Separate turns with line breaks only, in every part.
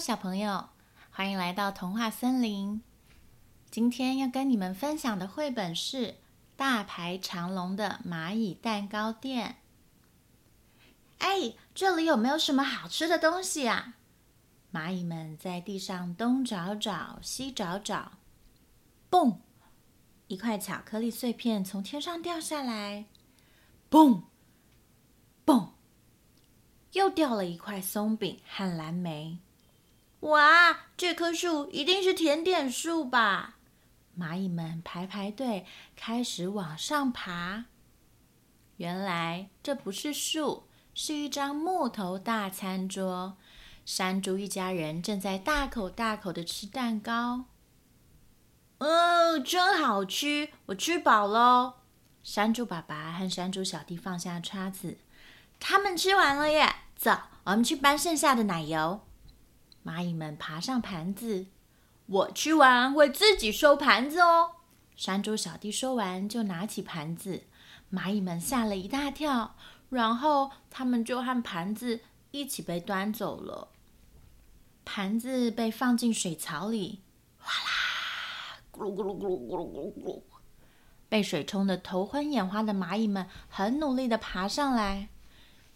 小朋友，歡迎來到童話森林。今天要跟你們分享的繪本是《大排長龍的螞蟻蛋糕店》。哎，這裡有沒有什麼好吃的東西啊？螞蟻們在地上東找找，西找找。嘣！一塊巧克力碎片從天上掉下來。嘣！嘣！又掉了一塊鬆餅和藍莓。哇，這棵樹一定是甜點樹吧？螞蟻們排排隊，開始往上爬。原來這不是樹，是一張木頭大餐桌。山豬一家人正在大口大口的吃蛋糕。哦、嗯，真好吃，我吃飽嘍。山豬爸爸和山豬小弟放下叉子，他們吃完了耶。走，我們去搬剩下的奶油。螞蟻們爬上盤子，我吃完會自己收盤子哦。山豬小弟說完，就拿起盤子。螞蟻們嚇了一大跳，然後他們就和盤子一起被端走了。盤子被放進水槽裡，嘩啦，咕嚕咕嚕咕嚕咕嚕咕嚕，被水沖得頭昏眼花的螞蟻們很努力的爬上來。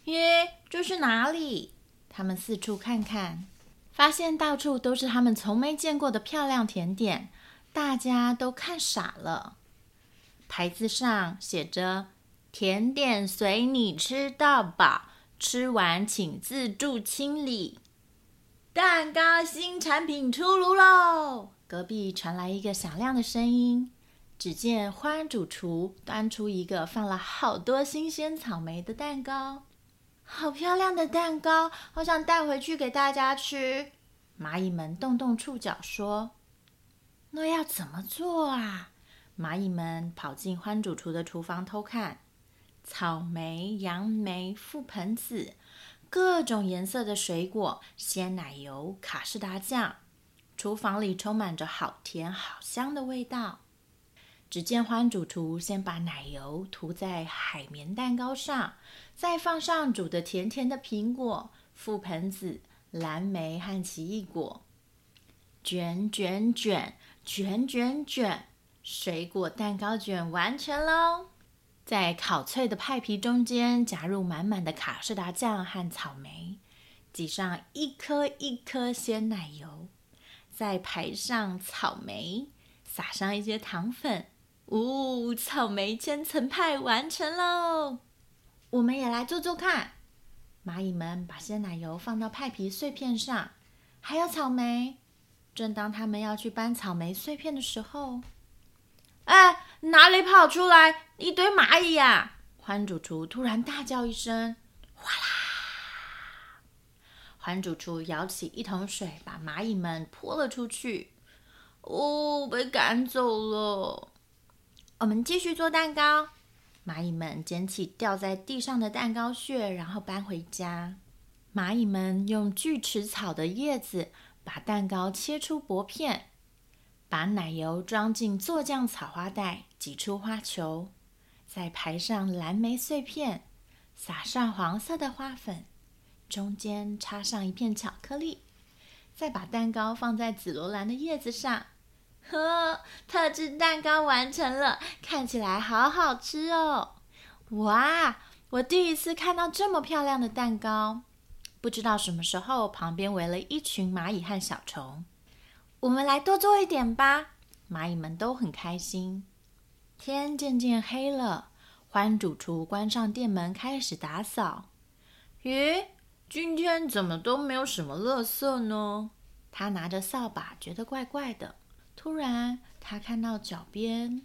耶，這是哪裡？他們四處看看。發現到處都是他們從沒見過的漂亮甜點，大家都看傻了。牌子上寫着：“甜點隨你吃到飽，吃完請自助清理。”蛋糕新產品出爐嘍！隔壁傳來一個響亮的聲音，只見花主廚端出一個放了好多新鮮草莓的蛋糕。好漂亮的蛋糕，好想帶回去給大家吃。螞蟻們動動觸角說：“那要怎麼做啊？”螞蟻們跑進歡主廚的廚房偷看，草莓、楊梅、覆盆子，各種顏色的水果，鮮奶油、卡士達醬，廚房裡充滿着好甜好香的味道。只見歡主廚先把奶油塗在海綿蛋糕上，再放上煮的甜甜的蘋果、覆盆子、藍莓和奇異果，卷卷卷卷，卷卷卷，水果蛋糕卷完成嘍！在烤脆的派皮中間加入滿滿的卡士達醬和草莓，擠上一顆一顆鮮奶油，再排上草莓，撒上一些糖粉。嗚、哦！草莓千層派完成嘍！我們也來做做看。螞蟻們把鮮奶油放到派皮碎片上，還有草莓。正當他們要去搬草莓碎片的時候，哎，哪裡跑出來一堆螞蟻呀、啊！歡主廚突然大叫一聲：“嘩啦！”歡主廚舀起一桶水，把螞蟻們潑了出去。哦，被趕走了。我們繼續做蛋糕。螞蟻們撿起掉在地上的蛋糕屑，然後搬回家。螞蟻們用鋸齒草的葉子把蛋糕切出薄片，把奶油裝進酢漿草花袋，擠出花球，再排上藍莓碎片，撒上黃色的花粉，中間插上一片巧克力，再把蛋糕放在紫羅蘭的葉子上。呵，特製蛋糕完成了，看起來好好吃哦！哇，我第一次看到這麼漂亮的蛋糕，不知道什麼時候旁邊圍了一群螞蟻和小蟲。我們來多做一點吧！螞蟻們都很開心。天漸漸黑了，獾主廚關上店門，開始打掃。咦，今天怎麼都沒有什麼垃圾呢？他拿着掃把，覺得怪怪的。突然，他看到腳邊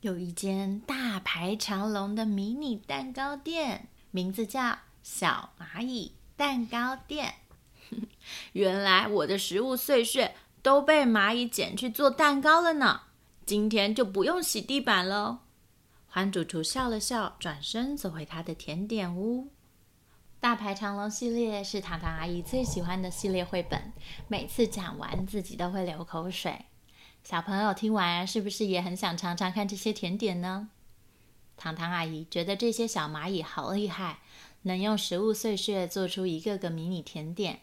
有一間大排長龍的迷你蛋糕店，名字叫“小螞蟻蛋糕店”。原來我的食物碎屑都被螞蟻撿去做蛋糕了呢！今天就不用洗地板囉。黃主廚笑了笑，轉身走回他的甜點屋。大排長龍系列是糖糖阿姨最喜歡的系列繪本，每次講完自己都會流口水。小朋友聽完，是不是也很想嚐嚐看這些甜點呢？糖糖阿姨覺得這些小螞蟻好厲害，能用食物碎屑做出一個個迷你甜點。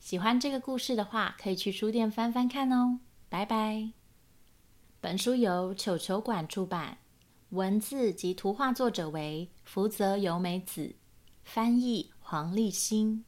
喜歡這個故事的話，可以去書店翻翻看哦。拜拜。本書由球球館出版，文字及圖畫作者為福澤由美子，翻譯黃立忻。